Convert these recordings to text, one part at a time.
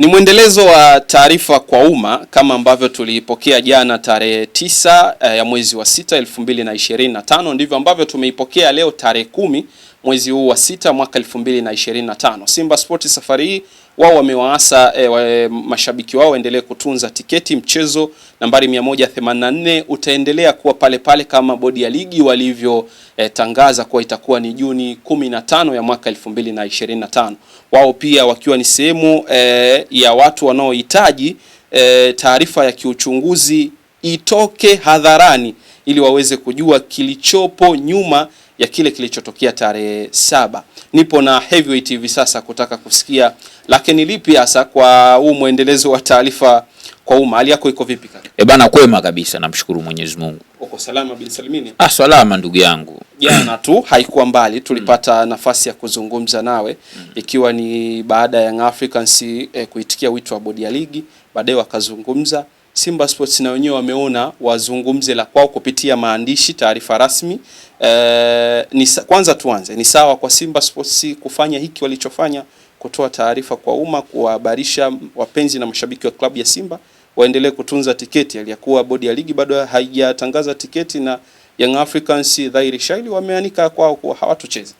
Ni mwendelezo wa taarifa kwa umma kama ambavyo tuliipokea jana tarehe tisa eh, ya mwezi wa sita elfu mbili na ishirini na tano ndivyo ambavyo tumeipokea leo tarehe kumi mwezi huu wa sita mwaka 2025. Simba Sports safari hii wao wamewaasa e, wa, eh, mashabiki wao waendelee kutunza tiketi. Mchezo nambari 184 utaendelea kuwa pale pale kama bodi ya ligi walivyotangaza eh, e, kuwa itakuwa ni Juni 15 ya mwaka 2025. Wao pia wakiwa ni sehemu e, ya watu wanaohitaji e, taarifa ya kiuchunguzi itoke hadharani ili waweze kujua kilichopo nyuma ya kile kilichotokea tarehe saba. Nipo na Heavyweight hivi sasa kutaka kusikia lakini lipi hasa kwa huu mwendelezo wa taarifa kwa umma. Hali yako iko vipi kaka? Eh bana, kwema kabisa, namshukuru Mwenyezi Mungu. Uko salama bin salimini? Ah, salama ndugu yangu. Jana tu haikuwa mbali mm. tulipata mm. nafasi ya kuzungumza nawe mm. ikiwa ni baada ya Africans eh, kuitikia wito wa bodi ya ligi, baadaye wakazungumza Simba Sports na wenyewe wameona wazungumze la kwao kupitia maandishi, taarifa rasmi. E, ni, kwanza tuanze, ni sawa kwa Simba Sports kufanya hiki walichofanya, kutoa taarifa kwa umma kuwahabarisha wapenzi na mashabiki wa klabu ya Simba waendelee kutunza tiketi, aliyakuwa bodi ya ligi bado haijatangaza tiketi na Young Africans dhahiri shaili wameanika kwao kuwa hawatocheza.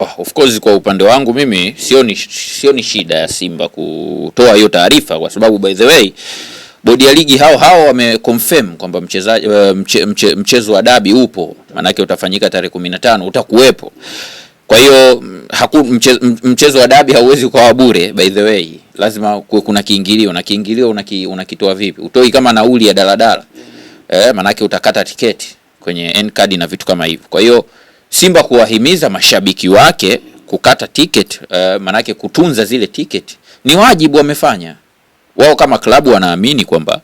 Oh, of course kwa upande wangu mimi sio ni shida ya Simba kutoa hiyo taarifa kwa sababu by the way Bodi ya ligi hao hao wameconfirm kwamba mchezaji eh, mche, mche, mchezo wa dabi upo, maanake utafanyika tarehe 15 utakuwepo. Kwa hiyo mche, mchezo wa dabi hauwezi ukawa bure, by the way, lazima kuwe kuna kiingilio na kiingilio unaki, unakitoa vipi? Utoi kama nauli ya daladala eh, maanake utakata tiketi kwenye N-card na vitu kama hivyo. Kwa hiyo Simba kuwahimiza mashabiki wake kukata tiketi eh, maanake kutunza zile tiketi ni wajibu wamefanya wao kama klabu wanaamini kwamba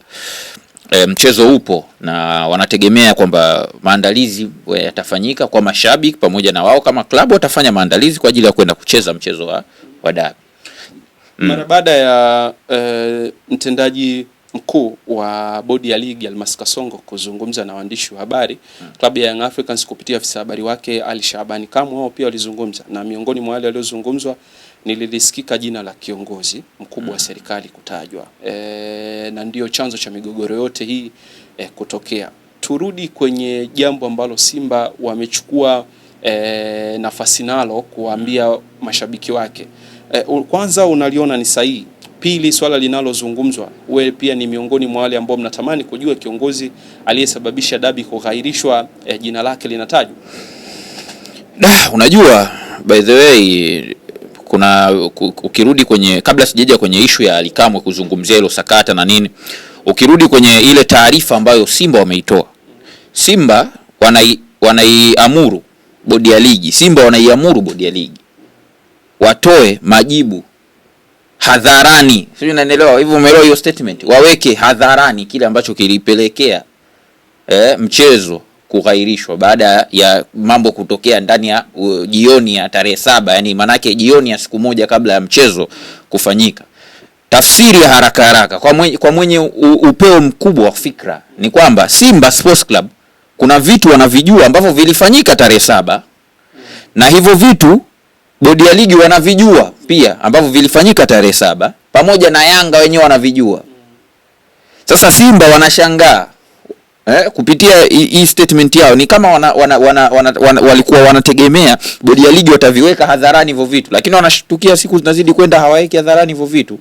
e, mchezo upo na wanategemea kwamba maandalizi eh, yatafanyika kwa mashabiki pamoja na wao kama klabu watafanya maandalizi kwa ajili ya kwenda kucheza mchezo wa, wa dabi. Mm. Mara baada ya e, mtendaji mkuu wa bodi ya ligi Almas Kasongo kuzungumza na waandishi wa habari hmm. Klabu ya Young Africans kupitia afisa habari wake Ali Shabani Kamwe, wao pia walizungumza, na miongoni mwa wale waliozungumzwa nililisikika jina la kiongozi mkubwa wa mm. serikali kutajwa e, na ndiyo chanzo cha migogoro yote hii e, kutokea. Turudi kwenye jambo ambalo Simba wamechukua e, nafasi nalo kuwaambia mm. mashabiki wake e, kwanza unaliona ni sahihi Pili, swala linalozungumzwa, wewe pia ni miongoni mwa wale ambao mnatamani kujua kiongozi aliyesababisha dabi kughairishwa, eh, jina lake linatajwa. Da, unajua by the way kuna ukirudi kwenye kabla sijaja kwenye ishu ya Alikamwe kuzungumzia hilo sakata na nini, ukirudi kwenye ile taarifa ambayo Simba wameitoa, Simba wanai, wanaiamuru bodi ya ligi, Simba wanaiamuru bodi ya ligi watoe majibu hadharani, sio? Unanielewa hivyo? Umeelewa hiyo statement? Waweke hadharani kile ambacho kilipelekea eh, mchezo kughairishwa baada ya mambo kutokea ndani ya uh, jioni ya tarehe saba, yani manake jioni ya siku moja kabla ya mchezo kufanyika. Tafsiri ya haraka haraka kwa mwenye, kwa mwenye upeo mkubwa wa fikra ni kwamba Simba Sports Club kuna vitu wanavijua ambavyo vilifanyika tarehe saba na hivyo vitu bodi ya ligi wanavijua pia ambavyo vilifanyika tarehe saba pamoja na Yanga wenyewe wanavijua. Sasa Simba wanashangaa eh, kupitia hii statement yao ni kama wana, wana, wana, wana, wana, walikuwa wanategemea bodi ya ligi wataviweka hadharani hivyo vitu, lakini wanashtukia siku zinazidi kwenda hawaweki hadharani hivyo vitu.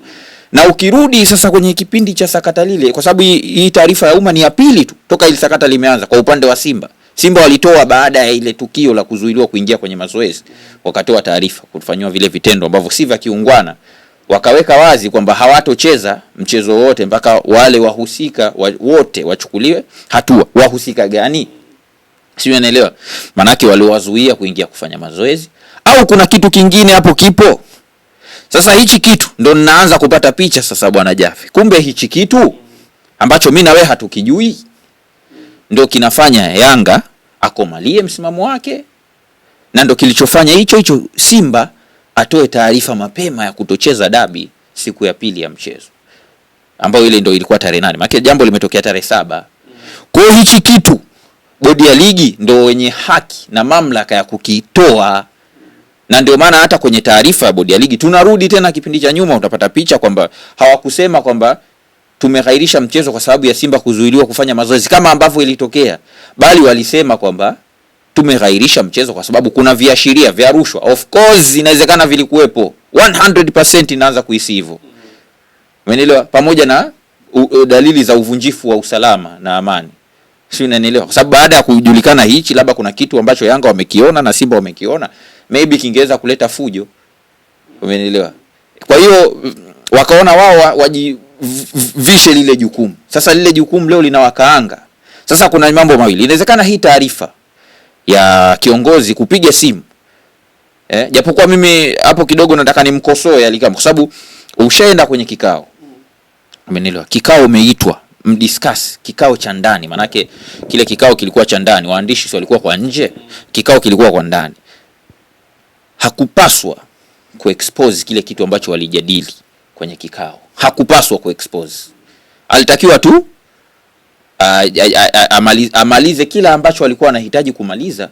Na ukirudi sasa kwenye kipindi cha sakata lile, kwa sababu hii taarifa ya umma ni ya pili tu toka ile sakata limeanza kwa upande wa Simba Simba walitoa baada ya ile tukio la kuzuiliwa kuingia kwenye mazoezi, wakatoa taarifa kufanyiwa vile vitendo ambavyo si vya kiungwana, wakaweka wazi kwamba hawatocheza mchezo wote mpaka wale wahusika wote wachukuliwe hatua. Wahusika gani? Si unaelewa? Manake waliwazuia kuingia kufanya mazoezi, au kuna kitu kingine hapo kipo? Sasa hichi kitu ndo ninaanza kupata picha sasa, bwana Jafe, kumbe hichi kitu ambacho mimi na wewe hatukijui ndio kinafanya Yanga akomalie msimamo wake, na ndo kilichofanya hicho hicho Simba atoe taarifa mapema ya kutocheza dabi siku ya pili ya mchezo ambayo ile ndo ilikuwa tarehe nane, maana jambo limetokea tarehe saba. Kwa hiyo hichi kitu bodi ya ligi ndo wenye haki na mamlaka ya kukitoa, na ndio maana hata kwenye taarifa ya bodi ya ligi, tunarudi tena kipindi cha nyuma, utapata picha kwamba hawakusema kwamba tumeghairisha mchezo kwa sababu ya Simba kuzuiliwa kufanya mazoezi kama ambavyo ilitokea, bali walisema kwamba tumeghairisha mchezo kwa sababu kuna viashiria vya rushwa. Of course inawezekana vilikuwepo, 100% inaanza kuhisi hivyo, umeelewa, pamoja na u, u, dalili za uvunjifu wa usalama na amani, sio unanielewa? Kwa sababu baada ya kujulikana hichi, labda kuna kitu ambacho Yanga wamekiona na Simba wamekiona, maybe kingeweza kuleta fujo, umeelewa? Kwa hiyo wakaona wao waji vishe lile jukumu. Sasa lile jukumu leo linawakaanga. Sasa kuna mambo mawili, inawezekana hii taarifa ya kiongozi kupiga simu eh, japokuwa mimi hapo kidogo nataka nimkosoe Alikama kwa sababu ushaenda kwenye kikao, umenielewa? Kikao umeitwa mdiscuss, kikao cha ndani. Maanake kile kikao kilikuwa cha ndani, waandishi sio walikuwa kwa nje, kikao kilikuwa kwa ndani. Hakupaswa kuexpose kile kitu ambacho walijadili kwenye kikao, hakupaswa kuexpose. Alitakiwa tu amalize kila ambacho alikuwa anahitaji kumaliza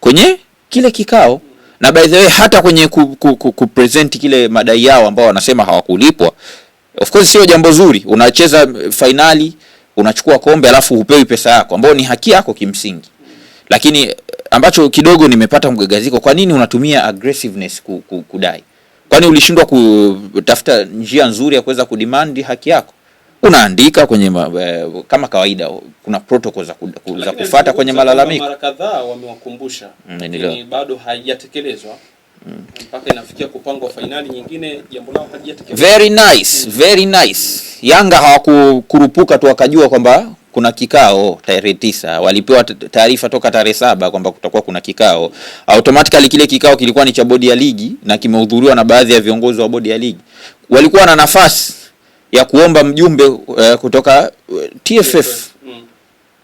kwenye kile kikao. Na by the way, hata kwenye ku, ku, ku, kile madai yao ambao wanasema hawakulipwa, of course sio jambo zuri. Unacheza fainali unachukua kombe alafu hupewi pesa yako ambayo ni haki yako kimsingi, lakini eh, ambacho kidogo nimepata mgagaziko, kwa nini unatumia aggressiveness kudai? Kwani ulishindwa kutafuta njia nzuri ya kuweza kudimandi haki yako? Unaandika kwenye ma, e, kama kawaida kuna protocol za, ku, za kufuata kwenye malalamiko. Mara kadhaa wamewakumbusha mm, ni bado haijatekelezwa mm. mpaka inafikia kupangwa fainali nyingine, jambo lao halijatekelezwa. Very nice, very nice. Yanga hawakukurupuka tu wakajua kwamba kuna kikao tarehe tisa. Walipewa taarifa toka tarehe saba kwamba kutakuwa kuna kikao. Automatically kile kikao kilikuwa ni cha bodi ya ligi na kimehudhuriwa na baadhi ya viongozi wa bodi ya ligi. Walikuwa na nafasi ya kuomba mjumbe uh, kutoka uh, eh, TFF mm.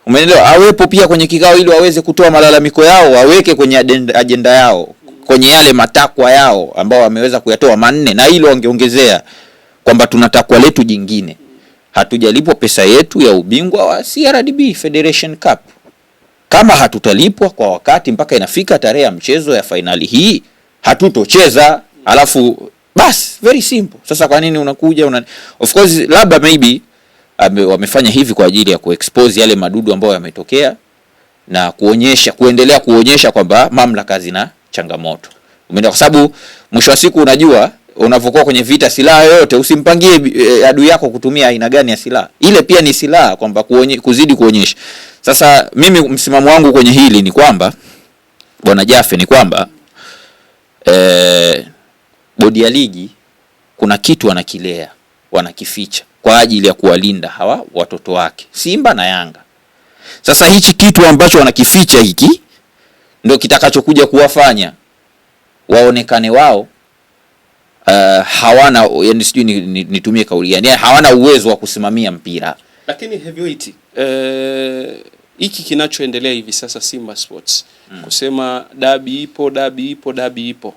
Umeelewa? Awepo pia kwenye kikao ili waweze kutoa malalamiko yao, waweke kwenye ajenda yao, kwenye yale matakwa yao ambao wameweza kuyatoa manne, na hilo wangeongezea kwamba tuna takwa letu jingine, hatujalipwa pesa yetu ya ubingwa wa CRDB Federation Cup. Kama hatutalipwa kwa wakati mpaka inafika tarehe ya mchezo ya fainali hii, hatutocheza. Alafu bas, very simple. Sasa kwa nini unakuja una... of course labda maybe ame, wamefanya hivi kwa ajili ya kuexpose yale madudu ambayo yametokea na kuonyesha kuendelea kuonyesha kwamba mamlaka zina changamoto, umeenda kwa sababu mwisho wa siku unajua unavyokuwa kwenye vita, silaha yoyote usimpangie e, adui yako kutumia aina gani ya silaha. Ile pia ni silaha, kwamba kuzidi kuonyesha. Sasa mimi msimamo wangu kwenye hili ni kwamba bwana Jafe, ni kwamba eh, bodi ya ligi kuna kitu wanakilea, wanakificha kwa ajili ya kuwalinda hawa watoto wake Simba na Yanga. Sasa hichi kitu ambacho wanakificha hiki ndio kitakachokuja kuwafanya waonekane wao uh, hawana yani, sijui nitumie kauli gani, yani hawana uwezo wa kusimamia mpira. Lakini Heavyweight eh, hiki uh, kinachoendelea hivi sasa Simba Sports mm. kusema dabi ipo dabi ipo dabi ipo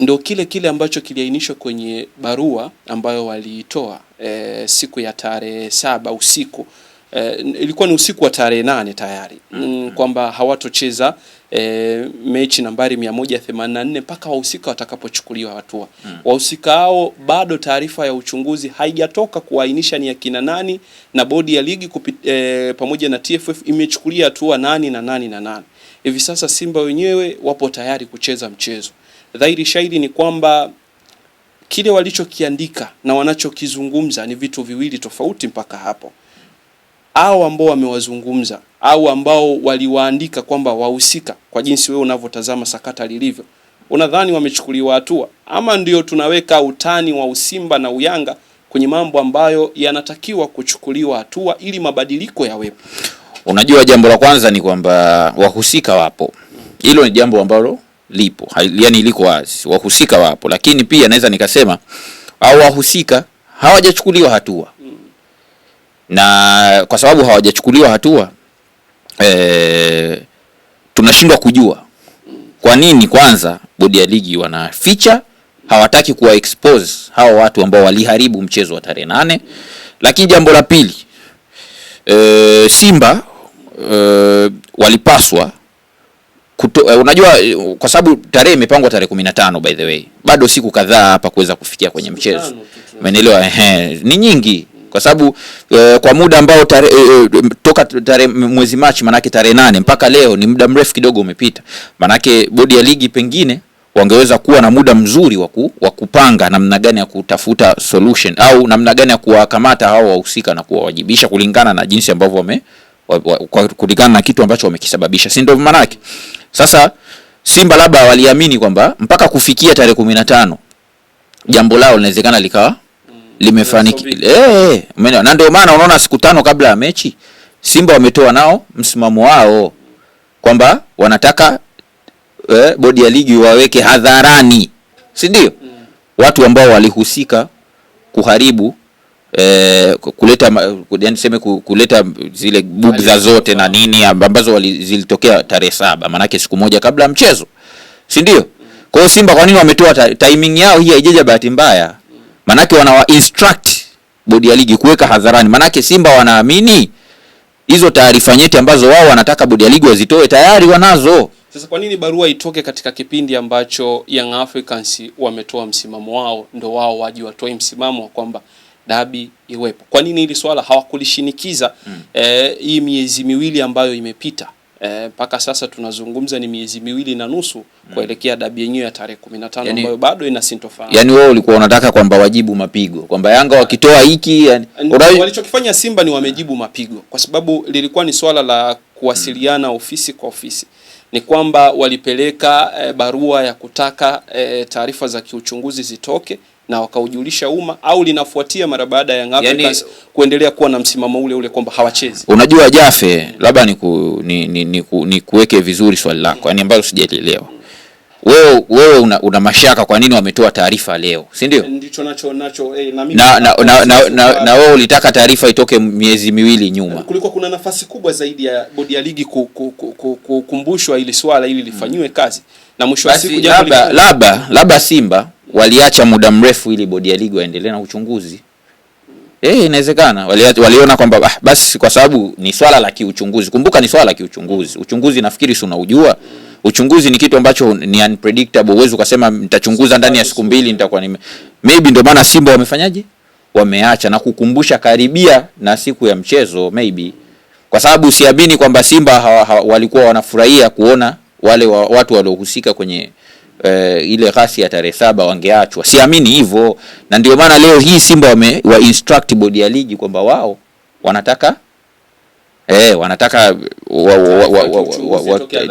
ndo kile kile ambacho kiliainishwa kwenye barua ambayo waliitoa e, siku ya tarehe saba usiku eh, ilikuwa ni usiku wa tarehe nane tayari mm -hmm. kwamba hawatocheza E, mechi nambari 184 mpaka wahusika watakapochukuliwa hatua -hmm. wahusika hao, bado taarifa ya uchunguzi haijatoka kuainisha ni akina nani, na bodi ya ligi kupit, e, eh, pamoja na TFF imechukulia hatua nani na nani na nani. Hivi sasa Simba wenyewe wapo tayari kucheza mchezo. Dhahiri shahidi ni kwamba kile walichokiandika na wanachokizungumza ni vitu viwili tofauti mpaka hapo au ambao wamewazungumza au ambao waliwaandika kwamba wahusika, kwa jinsi wewe unavyotazama sakata lilivyo, unadhani wamechukuliwa hatua ama ndio tunaweka utani wa Usimba na Uyanga kwenye mambo ambayo yanatakiwa kuchukuliwa hatua ili mabadiliko yawepo? Unajua, jambo la kwanza ni kwamba wahusika wapo, hilo ni jambo ambalo lipo, yaani liko wazi, wahusika wapo, lakini pia naweza nikasema au wahusika hawajachukuliwa hatua na kwa sababu hawajachukuliwa hatua e, tunashindwa kujua kwa nini kwanza bodi ya ligi wanaficha, hawataki kuwa expose hawa watu ambao waliharibu mchezo wa tarehe nane. Lakini jambo la pili e, Simba e, walipaswa kuto, uh, unajua kwa sababu tarehe imepangwa tarehe 15 by the way, bado siku kadhaa hapa kuweza kufikia kwenye mchezo, umeelewa? ni nyingi kwa sababu e, kwa muda ambao tare, e, toka tare, mwezi Machi manake tarehe nane mpaka leo ni muda mrefu kidogo umepita, manake bodi ya ligi pengine wangeweza kuwa na muda mzuri wa kupanga namna gani ya kutafuta solution au namna gani ya kuwakamata hao wahusika na kuwawajibisha kulingana na jinsi ambavyo wame wa, kulingana na kitu ambacho wamekisababisha, si ndio? Manake sasa Simba labda waliamini kwamba mpaka kufikia tarehe kumi na tano jambo lao linawezekana likawa limefanikiwa eh, eh Na ndio maana unaona siku tano kabla ya mechi Simba wametoa nao msimamo wao kwamba wanataka eh, bodi ya ligi waweke hadharani, si ndio? Mm. Watu ambao walihusika kuharibu eh, kuleta yani sema kuleta zile bugdha zote na nini ambazo wali, zilitokea tarehe saba, maanake siku moja kabla ya mchezo, si ndio? Mm. Kwa Simba kwa nini wametoa timing yao hii haijaja bahati mbaya Manake wanawa instruct bodi ya ligi kuweka hadharani, manake Simba wanaamini hizo taarifa nyeti ambazo wao wanataka bodi ya ligi wazitoe, tayari wanazo. Sasa kwa nini barua itoke katika kipindi ambacho Young Africans wametoa msimamo wao, ndo wao waji watoe msimamo wa kwamba dabi iwepo? Kwa nini hili swala hawakulishinikiza hmm. eh, hii mm. eh, miezi miwili ambayo imepita? Eh, mpaka e, sasa tunazungumza ni miezi miwili na nusu mm. kuelekea dabi yenyewe ya tarehe 15 yani, ambayo bado ina sintofahamu. Yani wewe ulikuwa unataka kwamba wajibu mapigo kwamba Yanga wakitoa hiki yani, ura... walichokifanya Simba ni wamejibu mapigo, kwa sababu lilikuwa ni swala la kuwasiliana mm. ofisi kwa ofisi ni kwamba walipeleka e, barua ya kutaka e, taarifa za kiuchunguzi zitoke na wakaujulisha umma au linafuatia mara baada ya Young yani, kuendelea kuwa na msimamo ule ule kwamba hawachezi. Unajua Jafe, labda ni, ku, ni, ni, ni, ku, ni kuweke vizuri swali lako yani ambalo sijalielewa wewe wewe una, una mashaka kwa nini wametoa taarifa leo, si ndio? Ndicho nacho nacho eh, na mimi na, na, na, na, na, na wewe ulitaka taarifa itoke miezi miwili nyuma. Kulikuwa kuna nafasi kubwa zaidi ya bodi ya ligi kukumbushwa ili swala ili lifanyiwe mm. kazi na mwisho wa siku labda labda labda Simba waliacha muda mrefu ili bodi ya ligi waendelee na uchunguzi. Eh, inawezekana waliona kwamba ah, basi kwa sababu ni swala la kiuchunguzi. Kumbuka ni swala la kiuchunguzi. Uchunguzi nafikiri si unaujua. Uchunguzi ni kitu ambacho ni unpredictable. Uwezo ukasema nitachunguza ndani ya siku mbili nitakuwa nime. Maybe ndio maana Simba wamefanyaje? Wameacha na kukumbusha karibia na siku ya mchezo maybe. Kwa sababu siamini kwamba Simba ha, ha, walikuwa wanafurahia kuona wale wa, watu waliohusika kwenye eh, ile ghasia ya tarehe saba wangeachwa. Siamini hivyo, na ndio maana leo hii Simba wame wa instruct bodi ya ligi kwamba wao wanataka eh, wanataka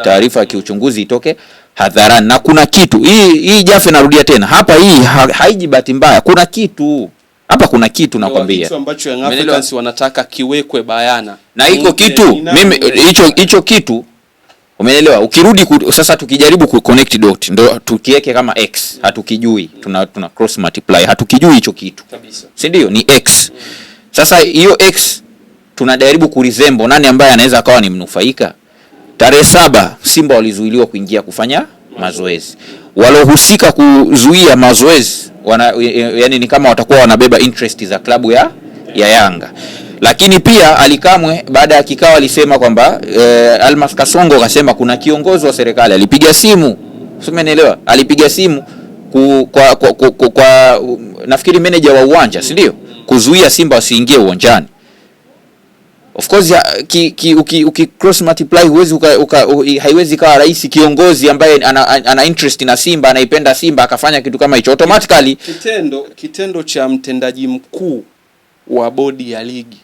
taarifa ya kiuchunguzi itoke hadharani, na kuna kitu hii hii Jafe, narudia tena hapa, hii ha, haiji bahati mbaya, kuna kitu hapa kuna kitu nakwambia, kitu ambacho wanataka kiwekwe bayana, na iko kitu mimi hicho hicho kitu Umeelewa? Ukirudi ku, sasa tukijaribu ku connect dot ndo tukiweke kama x, hatukijui tuna, tuna cross multiply, hatukijui hicho kitu kabisa, si ndio? Ni x. Sasa hiyo x tunajaribu kurizembo, nani ambaye anaweza akawa ni mnufaika? Tarehe saba Simba walizuiliwa kuingia kufanya mazoezi, walohusika kuzuia mazoezi wana, e, e, yani ni kama watakuwa wanabeba interest za klabu ya, ya Yanga. Lakini pia Alikamwe baada ya kikao alisema kwamba e, Almas Kasongo akasema kuna kiongozi wa serikali alipiga simu, usimenielewa, alipiga simu ku, kwa, kwa, kwa, kwa, kwa nafikiri meneja wa uwanja si ndio, kuzuia Simba wasiingie uwanjani. Of course ki, ki, uki, uki cross multiply huwezi uka, uka, uh, haiwezi kawa rais kiongozi ambaye ana, ana interest na Simba anaipenda Simba akafanya kitu kama hicho automatically. Kitendo kitendo cha mtendaji mkuu wa bodi ya ligi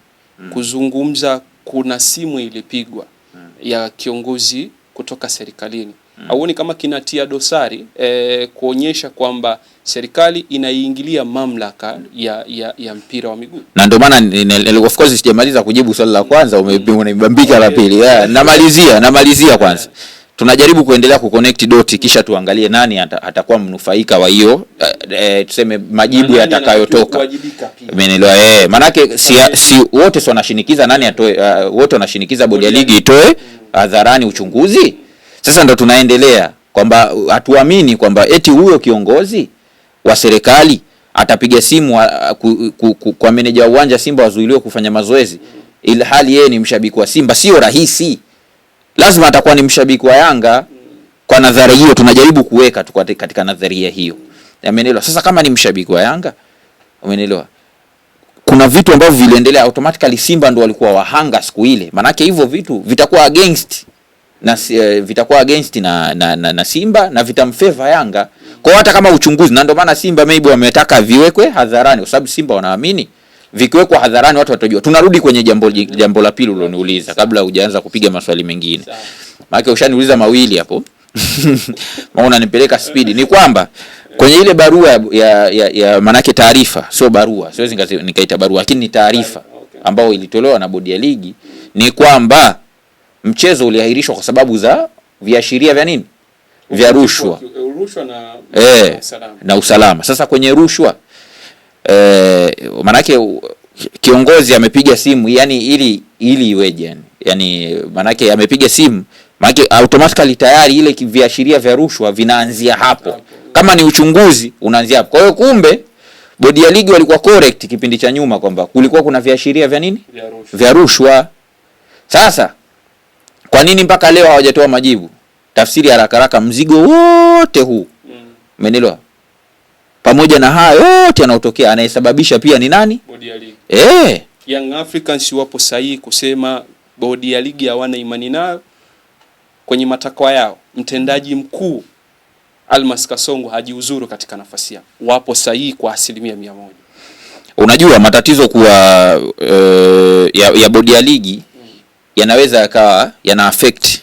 mm. kuzungumza. Kuna simu ilipigwa mm. ya kiongozi kutoka serikalini mm. auoni kama kinatia dosari e, kuonyesha kwamba serikali inaingilia mamlaka ya, ya, ya mpira wa miguu, na ndio maana of course sijamaliza kujibu swali la kwanza, umebambika mm. la pili. Ah, namalizia, namalizia kwanza yeah tunajaribu kuendelea kuconnect doti, kisha tuangalie nani atakuwa mnufaika wa hiyo e, tuseme majibu yatakayotoka. Umeelewa? Eh, maanake si, si wote si wanashinikiza nani atoe, uh, wote wanashinikiza bodi ya ligi itoe hadharani uchunguzi. Sasa ndo tunaendelea kwamba hatuamini kwamba eti huyo kiongozi wa serikali atapiga simu wa, uh, ku, ku, ku, kwa meneja wa uwanja Simba wazuiliwe kufanya mazoezi, ilhali yeye ni mshabiki wa Simba. Sio rahisi lazima atakuwa ni mshabiki wa Yanga kwa nadharia hiyo, tunajaribu kuweka tu katika nadharia hiyo. Umeelewa? Sasa kama ni mshabiki wa Yanga, umeelewa? Kuna vitu ambavyo viliendelea automatically, Simba ndo walikuwa wahanga siku ile, manake hivyo vitu vitakuwa against na eh, vitakuwa against na, na, na, na Simba na vitamfeva Yanga. Kwa hata kama uchunguzi, na ndio maana Simba maybe wametaka viwekwe hadharani kwa sababu Simba wanaamini vikiwekwa hadharani watu watajua. Tunarudi kwenye jambo jambo la pili uliloniuliza kabla hujaanza kupiga maswali mengine, maana ushaniuliza mawili hapo maana unanipeleka spidi. Ni kwamba kwenye ile barua ya, ya, ya manake taarifa, sio barua, siwezi nikaita barua, lakini ni taarifa ambayo ilitolewa na bodi ya ligi, ni kwamba mchezo uliahirishwa kwa sababu za viashiria vya nini, vya rushwa, rushwa na, e, na usalama. Sasa kwenye rushwa eh, manake kiongozi amepiga simu yani ili ili iweje yani yani manake amepiga simu manake automatically tayari ile viashiria vya rushwa vinaanzia hapo. Kama ni uchunguzi unaanzia hapo. Kwa hiyo kumbe bodi ya ligi walikuwa correct kipindi cha nyuma kwamba kulikuwa kuna viashiria vya nini vya rushwa, Sasa kwa nini mpaka leo hawajatoa majibu? Tafsiri haraka haraka, mzigo wote huu mm. umeelewa? Mm pamoja na haya yote yanayotokea, anayesababisha pia ni nani? Bodi ya ligi. Eh, Young Africans wapo sahihi kusema bodi ya ligi hawana imani nayo kwenye matakwa yao. Mtendaji mkuu Almas Kasongo hajiuzuru katika nafasi yao, wapo sahihi kwa asilimia mia moja. Unajua matatizo kuwa uh, ya, ya bodi ya ligi mm. yanaweza yakawa yana affect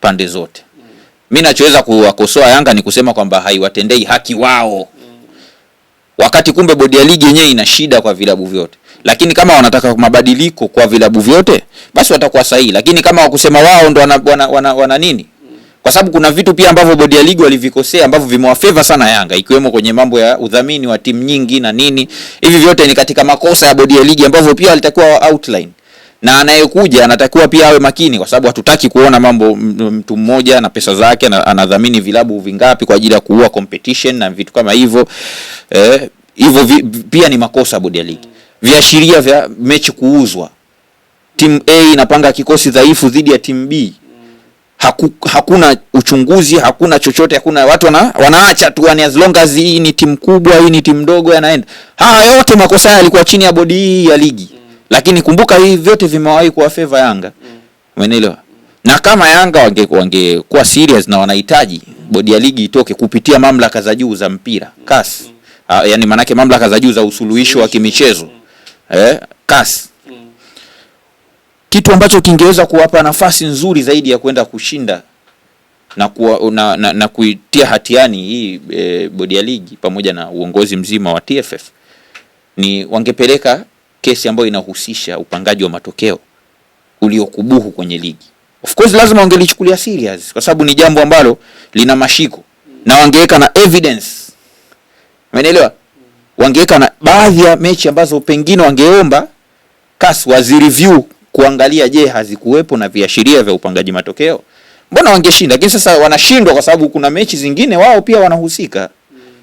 pande zote mm. mi nachoweza kuwakosoa Yanga ni kusema kwamba haiwatendei haki wao wakati kumbe bodi ya ligi yenyewe ina shida kwa vilabu vyote. Lakini kama wanataka mabadiliko kwa vilabu vyote, basi watakuwa sahihi. Lakini kama wakusema wao ndo wana, wana, wana, wana nini kwa sababu kuna vitu pia ambavyo bodi ya ligi walivikosea ambavyo vimewafeva sana Yanga, ikiwemo kwenye mambo ya udhamini wa timu nyingi na nini. Hivi vyote ni katika makosa ya bodi ya ligi ambavyo pia walitakiwa outline na anayekuja anatakiwa pia awe makini, kwa sababu hatutaki kuona mambo mtu mmoja na pesa zake anadhamini vilabu vingapi kwa ajili ya kuua competition na vitu kama hivyo eh, hivyo vi, pia ni makosa bodi ya ligi. Viashiria vya mechi kuuzwa, timu A inapanga kikosi dhaifu dhidi ya timu B Haku, hakuna uchunguzi, hakuna chochote, hakuna watu wana, wanaacha tu yani, as long as hii ni timu kubwa, hii ni timu ndogo, yanaenda haya yote. Makosa haya yalikuwa chini ya bodi hii ya ligi. Lakini kumbuka hivi vyote vimewahi kuwa favor Yanga. Mm. Umeelewa? Na kama Yanga wangekuwa wange, serious na wanahitaji bodi ya ligi itoke kupitia mamlaka za juu za mpira CAS. Mm. Ah, yani manake mamlaka za juu za usuluhisho wa kimichezo mm. eh, CAS kitu ambacho kingeweza kuwapa nafasi nzuri zaidi ya kwenda kushinda na, kuwa, na, na, na kuitia hatiani hii e, bodi ya ligi pamoja na uongozi mzima wa TFF ni wangepeleka kesi ambayo inahusisha upangaji wa matokeo uliokubuhu kwenye ligi. Of course lazima wangelichukulia serious kwa sababu ni jambo ambalo lina mashiko na wangeweka na evidence. Umeelewa? Wangeweka na baadhi ya mechi ambazo pengine wangeomba CAS review kuangalia, je, hazikuwepo na viashiria vya upangaji matokeo. Mbona wangeshinda? Lakini sasa wanashindwa kwa sababu kuna mechi zingine wao pia wanahusika.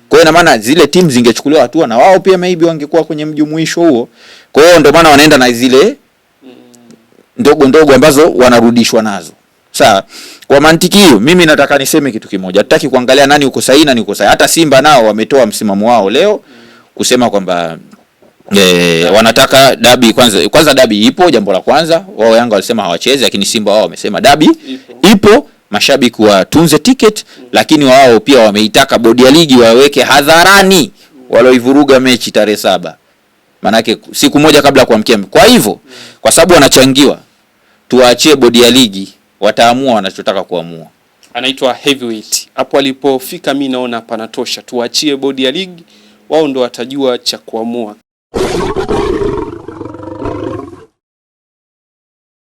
Kwa hiyo na maana zile timu zingechukuliwa hatua na wao pia maybe wangekuwa kwenye mjumuisho huo kwa hiyo ndio maana wanaenda na zile ndogo ndogo ambazo wanarudishwa nazo. Sawa. Kwa mantiki hiyo mimi nataka niseme kitu kimoja. Hataki kuangalia nani uko sahihi na nani uko sahihi. Hata Simba nao wametoa msimamo wao leo kusema kwamba E, wanataka dabi kwanza. Kwanza dabi ipo, jambo la kwanza. Wao Yanga walisema hawachezi, lakini Simba wao wamesema dabi ipo, ipo. Mashabiki watunze ticket, lakini wao pia wameitaka bodi ya ligi waweke hadharani mm. walioivuruga mechi tarehe saba maanake siku moja kabla ya kuamkia. Kwa hivyo kwa sababu wanachangiwa, tuwaachie bodi ya ligi, wataamua wanachotaka kuamua. Anaitwa Heavyweight. Hapo alipofika mi naona panatosha, tuwaachie bodi ya ligi, wao ndo watajua cha kuamua.